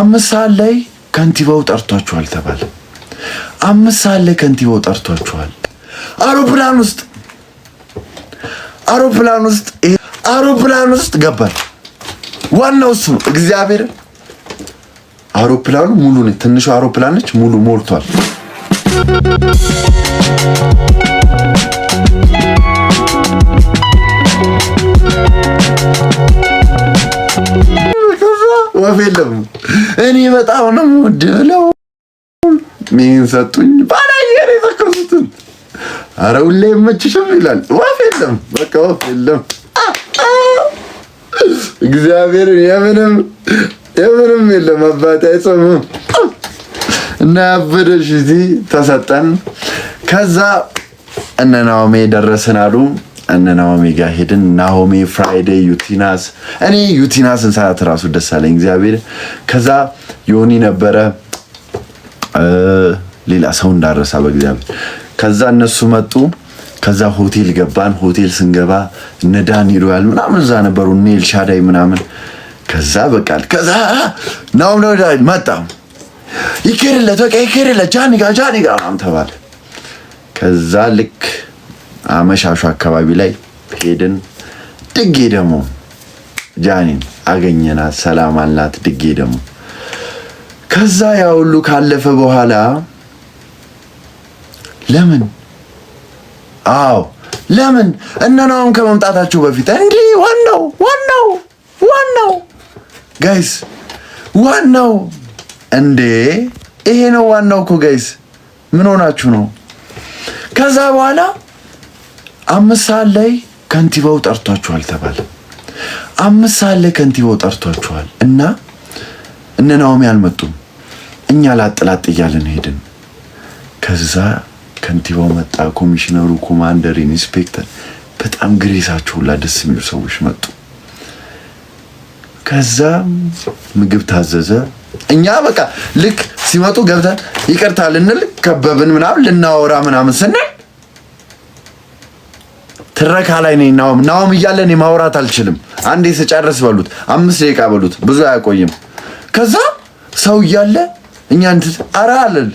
አምስት ሰዓት ላይ ከንቲባው ጠርቷችኋል ተባለ። አምስት ሰዓት ላይ ከንቲባው ጠርቷችኋል። አውሮፕላን ውስጥ አውሮፕላን ውስጥ አውሮፕላን ውስጥ ገባል። ዋናው እሱ ነው። እግዚአብሔር አውሮፕላኑ ሙሉ ነች፣ ትንሹ አውሮፕላን ነች፣ ሙሉ ሞልቷል። ማረፍ የለም። እኔ በጣም ነው የምወደው። ምን ሰጡኝ ባላየር የዘከሩትን አረ ሁሌ መችሽም ይላል። ወፍ የለም፣ በቃ ወፍ የለም። እግዚአብሔር የምንም የምንም የለም። አባቴ አይጾምም እና ያበደሽ እዚህ ተሰጠን። ከዛ እነ ናኦሜ ደረስን አሉ እነ ናኦሚ ጋር ሄድን። ናኦሚ ፍራይዴ፣ ዩቲናስ እኔ ዩቲናስን ሰዓት ራሱ ደስ አለኝ እግዚአብሔር። ከዛ ዮኒ ነበረ ሌላ ሰው እንዳረሳ በእግዚአብሔር። ከዛ እነሱ መጡ። ከዛ ሆቴል ገባን። ሆቴል ስንገባ እነ ዳኒ ሮያል ምናምን እዛ ነበሩ እነ ኤልሻዳይ ምናምን። ከዛ በቃል ከዛ ናኦሚ መጣ። ይኬድለት በቃ ይኬድለት ጃኒጋ ጃኒጋ ጃኒ ምናምን ተባለ። ከዛ ልክ አመሻሹ አካባቢ ላይ ሄድን። ድጌ ደግሞ ጃኒን አገኘናት። ሰላም አላት ድጌ ደግሞ። ከዛ ያ ሁሉ ካለፈ በኋላ ለምን አዎ ለምን እነናውም ከመምጣታቸው በፊት እንዲህ ዋናው ዋናው ዋናው ጋይስ ዋናው እንዴ ይሄ ነው ዋናው እኮ ጋይስ ምን ሆናችሁ ነው? ከዛ በኋላ አምስት ሰዓት ላይ ከንቲባው ጠርቷችኋል ተባለ። አምስት ሰዓት ላይ ከንቲባው ጠርቷችኋል እና እነ ናኦሚ አልመጡም። እኛ ላጥላጥ እያለን ሄድን። ከዛ ከንቲባው መጣ፣ ኮሚሽነሩ፣ ኮማንደር፣ ኢንስፔክተር በጣም ግሬሳቸው ሁላ ደስ የሚሉ ሰዎች መጡ። ከዛ ምግብ ታዘዘ። እኛ በቃ ልክ ሲመጡ ገብተን ይቅርታ ልንል ከበብን ምናምን ልናወራ ምናምን ስንል ትረካ ላይ ነኝ። ናውም ናውም እያለ እኔ ማውራት አልችልም። አንዴ ስጨርስ በሉት፣ አምስት ደቂቃ በሉት፣ ብዙ አያቆይም። ከዛ ሰው እያለ እኛ እንትን ኧረ አለን።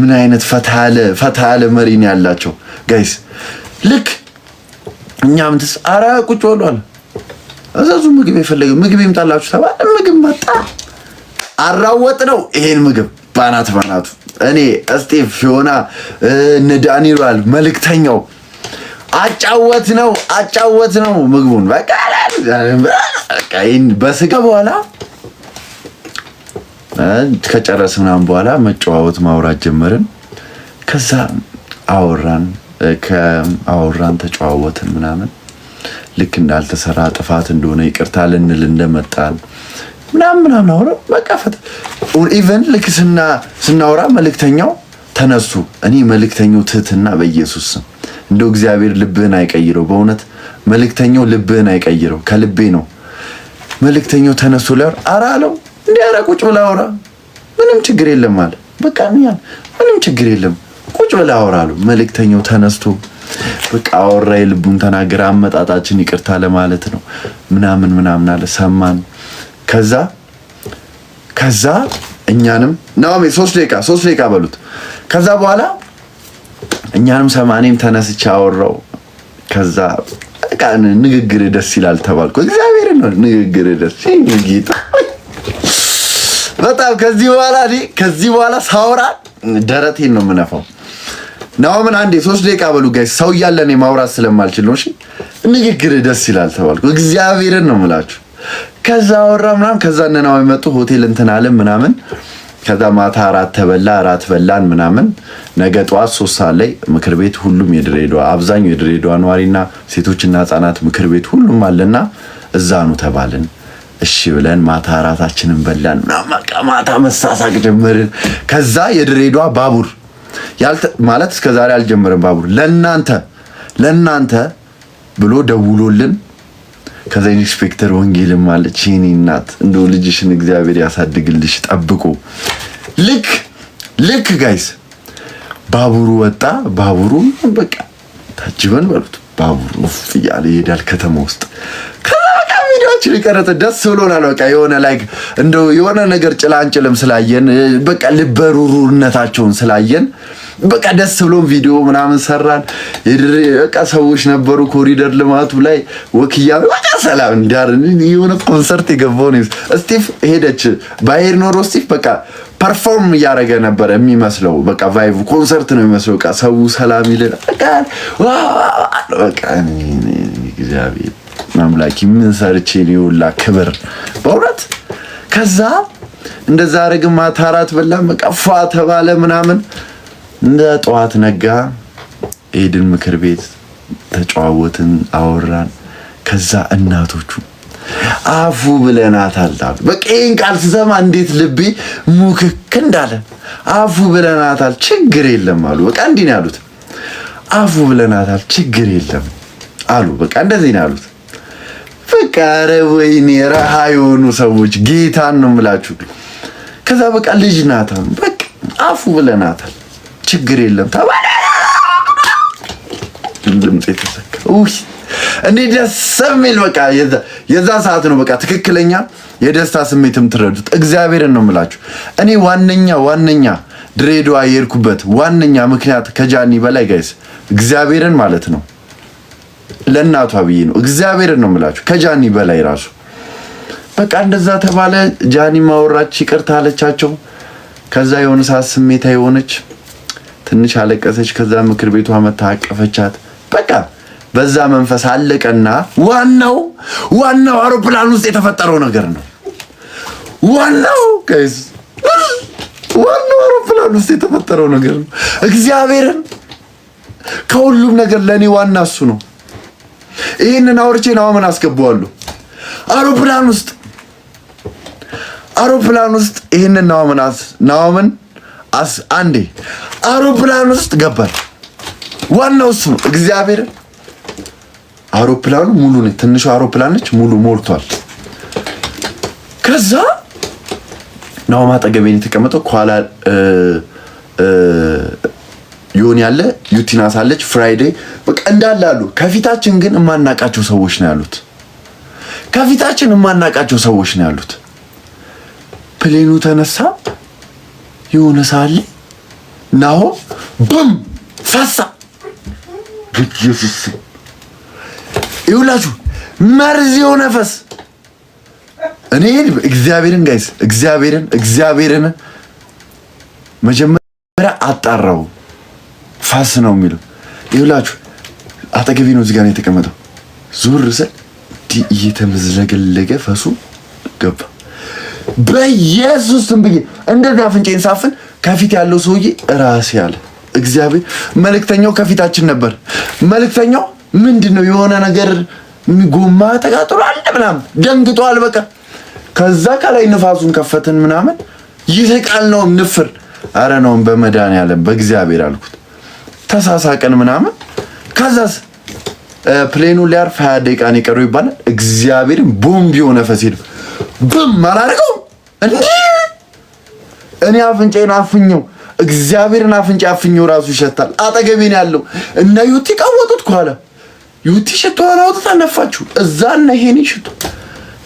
ምን አይነት ፈታ ያለ ፈታ ያለ መሪ ነው ያላቸው ጋይስ። ልክ እኛ ምንትስ ኧረ ቁጭ በሏል። እዛዙ ምግብ የፈለገ ምግብ ይምጣላችሁ ተባለ። ምግብ መጣ። አራወጥ ነው ይሄን ምግብ ባናት ባናቱ እኔ እስጢፍ ፊዮና እነ ዳኒራል መልእክተኛው አጫወት ነው አጫወት ነው ምግቡን በቃ በስጋ በኋላ ከጨረስ ምናምን በኋላ መጨዋወት ማውራት ጀመርን። ከዛ አወራን ከአወራን ተጨዋወትን ምናምን ልክ እንዳልተሰራ ጥፋት እንደሆነ ይቅርታ ልንል እንደመጣን ምናምን ምናምን አውረ በቃ ፈት ኢቨን ልክ ስናወራ መልእክተኛው ተነሱ እኔ መልእክተኛው ትህትና በኢየሱስ ስም እንደው እግዚአብሔር ልብህን አይቀይረው። በእውነት መልእክተኛው ልብህን አይቀይረው። ከልቤ ነው መልእክተኛው ተነሱ ላይ አራ አለው እንዲ አራ ቁጭ ብላ አውራ ምንም ችግር የለም አለ። በቃ ምንም ችግር የለም ቁጭ ብላ አውራ አለው። መልእክተኛው ተነስቶ በቃ አወራ፣ የልቡን ተናገረ። አመጣጣችን ይቅርታ ለማለት ነው ምናምን ምናምን አለ። ሰማን። ከዛ ከዛ እኛንም ናሜ ሶስት ደቂቃ ሶስት ደቂቃ በሉት። ከዛ በኋላ እኛንም ሰማኔም ተነስቼ አወራው። ከዛ በቃ ንግግር ደስ ይላል ተባልኩ። እግዚአብሔር ነው ንግግር ደስ ጌጣ በጣም ከዚህ በኋላ ከዚህ በኋላ ሳወራ ደረቴን ነው የምነፋው። ናሆምን አንዴ ሶስት ደቂቃ በሉ ጋይ ሰው እያለ እኔ ማውራት ስለማልችል ነው። እሺ ንግግር ደስ ይላል ተባልኩ። እግዚአብሔርን ነው የምላችሁ። ከዛ አወራ ምናምን ከዛ እነ ናሆም መጡ ሆቴል እንትን አለ ምናምን ከዛ ማታ አራት ተበላ አራት በላን ምናምን። ነገ ጠዋት ሶስት ሰዓት ላይ ምክር ቤት ሁሉም የድሬዳዋ አብዛኛው የድሬዳዋ ነዋሪና ሴቶችና ህጻናት ምክር ቤት ሁሉም አለና እዛ ነው ተባልን። እሺ ብለን ማታ አራታችንን በላን ምናምን ማታ መሳሳቅ ጀመርን። ከዛ የድሬዷ ባቡር ማለት እስከዛሬ አልጀመረም ባቡር ለእናንተ ለእናንተ ብሎ ደውሎልን ከዛ ኢንስፔክተር ወንጌልም አለች የኔ እናት እንደው ልጅሽን እግዚአብሔር ያሳድግልሽ ጠብቁ። ልክ ልክ ጋይስ ባቡሩ ወጣ። ባቡሩ በቃ ታጅበን በሉት ባቡሩ እያለ ይሄዳል ከተማ ውስጥ። ከዛ በቃ ቪዲዮችን የቀረጸ ደስ ብሎናል። በቃ የሆነ ላይክ እንደው የሆነ ነገር ጭላንጭልም ስላየን በቃ ልበሩሩነታቸውን ስላየን በቃ ደስ ብሎ ቪዲዮ ምናምን ሰራን። በቃ ሰዎች ነበሩ ኮሪደር ልማቱ ላይ ወክያ በቃ ሰላም እንዳር የሆነ ኮንሰርት የገባው ነው። እስቲፍ ሄደች ባይር ኖሮ እስቲፍ በቃ ፐርፎርም እያደረገ ነበር የሚመስለው። በቃ ቫይቭ ኮንሰርት ነው የሚመስለው። በቃ ሰው ሰላም ይልል በቃ እግዚአብሔር አምላኪ ምን ሰርቼ ሊውላ ክብር በእውነት ከዛ እንደዛ አረግ ማታ እራት በላም በቃ ፏ ተባለ ምናምን እንደ ጠዋት ነጋ። ኤድን ምክር ቤት ተጨዋወትን፣ አወራን። ከዛ እናቶቹ አፉ ብለናታል አሉ። በቃ ይህን ቃል ስሰማ እንዴት ልቤ ሙክክ እንዳለ። አፉ ብለናታል ችግር የለም አሉ። በቃ እንዲህ ነው ያሉት። አፉ ብለናታል ችግር የለም አሉ። በቃ እንደዚህ ነው ያሉት። በቃ ኧረ ወይኔ ረሃ የሆኑ ሰዎች ጌታን ነው የምላችሁ። ከዛ በቃ ልጅ ናታም በቃ አፉ ብለናታል ችግር የለም ተባለ። ድምፅ የተሰካ እኔ ደስ የሚል በቃ የዛ ሰዓት ነው በቃ ትክክለኛ የደስታ ስሜትም ትረዱት። እግዚአብሔርን ነው የምላችሁ። እኔ ዋነኛ ዋነኛ ድሬዳዋ የሄድኩበት ዋነኛ ምክንያት ከጃኒ በላይ ጋይስ እግዚአብሔርን ማለት ነው ለእናቷ ብዬ ነው። እግዚአብሔርን ነው የምላችሁ ከጃኒ በላይ ራሱ በቃ እንደዛ ተባለ። ጃኒ ማወራች ይቅርታ አለቻቸው። ከዛ የሆነ ሰዓት ስሜታ የሆነች ትንሽ አለቀሰች። ከዛ ምክር ቤቷ መታ አቀፈቻት። በቃ በዛ መንፈስ አለቀና ዋናው ዋናው አውሮፕላን ውስጥ የተፈጠረው ነገር ነው። ዋናው ጋይስ ዋናው አውሮፕላን ውስጥ የተፈጠረው ነገር ነው። እግዚአብሔርን ከሁሉም ነገር ለእኔ ዋና እሱ ነው። ይህንን አውርቼ ናዋምን አስገባዋለሁ አውሮፕላን ውስጥ አውሮፕላን ውስጥ ይህንን ናዋምን አንዴ አውሮፕላን ውስጥ ገባል። ዋናው እሱ ነው። እግዚአብሔር አውሮፕላኑ ሙሉ ነች፣ ትንሹ አውሮፕላን ነች፣ ሙሉ ሞልቷል። ከዛ ነው አጠገቤን የተቀመጠው ከኋላ ዮኒ ያለ ዩቲናስ አለች፣ ፍራይዴ በቃ እንዳለ አሉ። ከፊታችን ግን የማናቃቸው ሰዎች ነው ያሉት። ከፊታችን የማናቃቸው ሰዎች ነው ያሉት። ፕሌኑ ተነሳ። የሆነ ሳለ ናሆ ቡም ፈሳ ኢየሱስ ይውላችሁ መርዝ የሆነ ፈስ እኔ እግዚአብሔርን ጋይስ እግዚአብሔርን እግዚአብሔርን መጀመሪያ አጣራው ፈስ ነው የሚለው ይውላችሁ አጠገቤ ነው እዚህ ጋር የተቀመጠው ዙር ስል እየተመዘገለገ ፈሱ ገባ በኢየሱስ ብዬ እንደዚህ አፍንጬን ሳፍን ከፊት ያለው ሰውዬ ራሴ አለ እግዚአብሔር። መልእክተኛው ከፊታችን ነበር። መልእክተኛው ምንድን ነው የሆነ ነገር ጎማ ተቃጥሏል ምናምን ደንግጧል። በቃ ከዛ ከላይ ንፋሱን ከፈትን ምናምን ይስቃል ነው ንፍር አረ ነውን በመድኃኒዓለም በእግዚአብሔር አልኩት። ተሳሳቀን ምናምን ከዛስ ፕሌኑ ሊያርፍ ሀያ ደቂቃ ነው የቀረው ይባላል። እግዚአብሔርን ቦምብ የሆነ ፈሴ ነው ብም አላደርገው እኔ አፍንጫዬን አፍኘው እግዚአብሔርን አፍንጫ አፍኘው ራሱ ይሸታል። አጠገቤ ነው ያለው እና ዩቲ ቀወጡት ከኋላ ዩቲ ሽታዋን አውጥታ ነፋችሁ እዛ እና ይሄን ሽቶ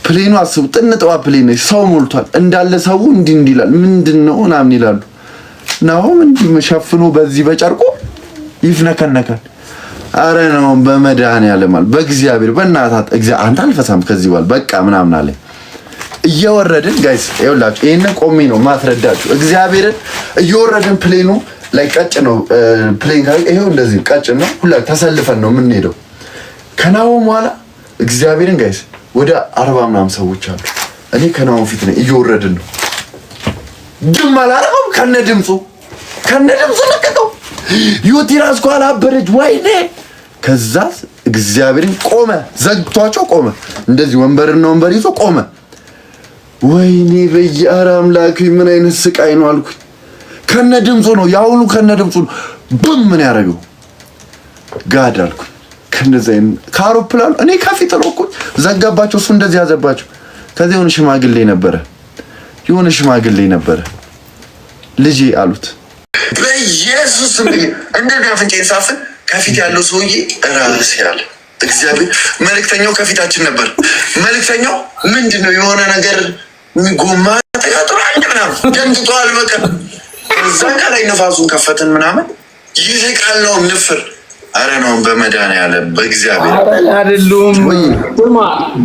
ፕሌኑ አስቡ። ጥንጥዋ ፕሌን ሰው ሞልቷል እንዳለ ሰው እንዲህ እንዲህ ይላል። ምንድን ነው ምናምን ይላሉ። ናሆም እንዲህ ሸፍኖ በዚህ በጨርቆ ይፍነከነካል። አረ ነው በመድኃኔዓለም አለ በእግዚአብሔር በእናታት እግዚአብሔር አንተ አልፈሳም ከዚህ በኋላ በቃ ምናምን አለኝ። እየወረድን ጋይስ ይኸውላችሁ፣ ይሄንን ቆሜ ነው ማስረዳችሁ። እግዚአብሔርን እየወረድን ፕሌኑ ላይ ቀጭ ነው ፕሌን ካ ይሄው እንደዚህ ቀጭ ነው። ሁላ ተሰልፈን ነው የምንሄደው። ከናወም በኋላ እግዚአብሔርን ጋይስ ወደ አርባ ምናምን ሰዎች አሉ። እኔ ከናወም ፊት ነኝ። እየወረድን ነው። ድም አላረገውም ከነ ድምፁ ከነ ድምፁ ለቀቀው። ዩቲ ራስ ኳላ አበረች። ወይኔ ከዛ እግዚአብሔርን ቆመ፣ ዘግቷቸው ቆመ። እንደዚህ ወንበርና ወንበር ይዞ ቆመ። ወይኔ በየአረ አምላክ ምን አይነት ስቃይ ነው አልኩኝ። ከነ ድምፁ ነው የአሁኑ ከነ ድምፁ ነው ምን ያደረገው ጋድ አልኩኝ። ከእንደዚህ ከአውሮፕላኑ እኔ ከፊት ሮኩኝ ዘጋባቸው። እሱ እንደዚህ ያዘባቸው። ከዚህ የሆነ ሽማግሌ ነበረ የሆነ ሽማግሌ ነበረ ልጄ አሉት። በኢየሱስ እንደዚህ አፍንጫዬን ሳፍን ከፊት ያለው ሰውዬ ራስ ያለ እግዚአብሔር መልእክተኛው ከፊታችን ነበር። መልእክተኛው ምንድን ነው የሆነ ነገር ጎማ ተቀጥሮ አንድ ምናምን ደንግጠዋል። በቃ እዛ ከላይ ንፋሱን ከፈትን ምናምን ቃል ነው ንፍር አረ ነው በመዳን ያለ በእግዚአብሔር አይደሉም።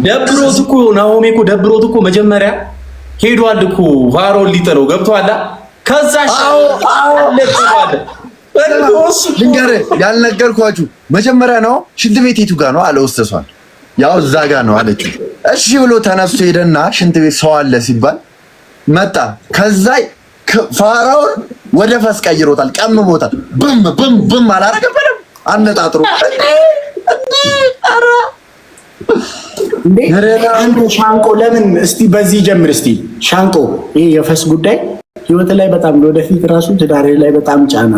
ደብሮት እኮ ናሆሜ እኮ ደብሮት እኮ መጀመሪያ ሄዷል እኮ ቫሮን ሊጥለው ገብቷል። ከዛ ልንገርህ ያልነገርኳችሁ መጀመሪያ ነው ሽንት ቤት የቱ ጋር ነው አለ ወስተሷል ያው እዛ ጋ ነው አለች። እሺ ብሎ ተነስቶ ሄደና ሽንት ቤት ሰው አለ ሲባል መጣ። ከዛ ፋራውን ወደ ፈስ ቀይሮታል፣ ቀምሞታል። ብም ብም ብም አላረገበለም አነጣጥሮ ሻንቆ ለምን እስቲ በዚህ ጀምር እስቲ ሻንቆ ይሄ የፈስ ጉዳይ ህይወት ላይ በጣም ለወደፊት ራሱ ትዳሬ ላይ በጣም ጫና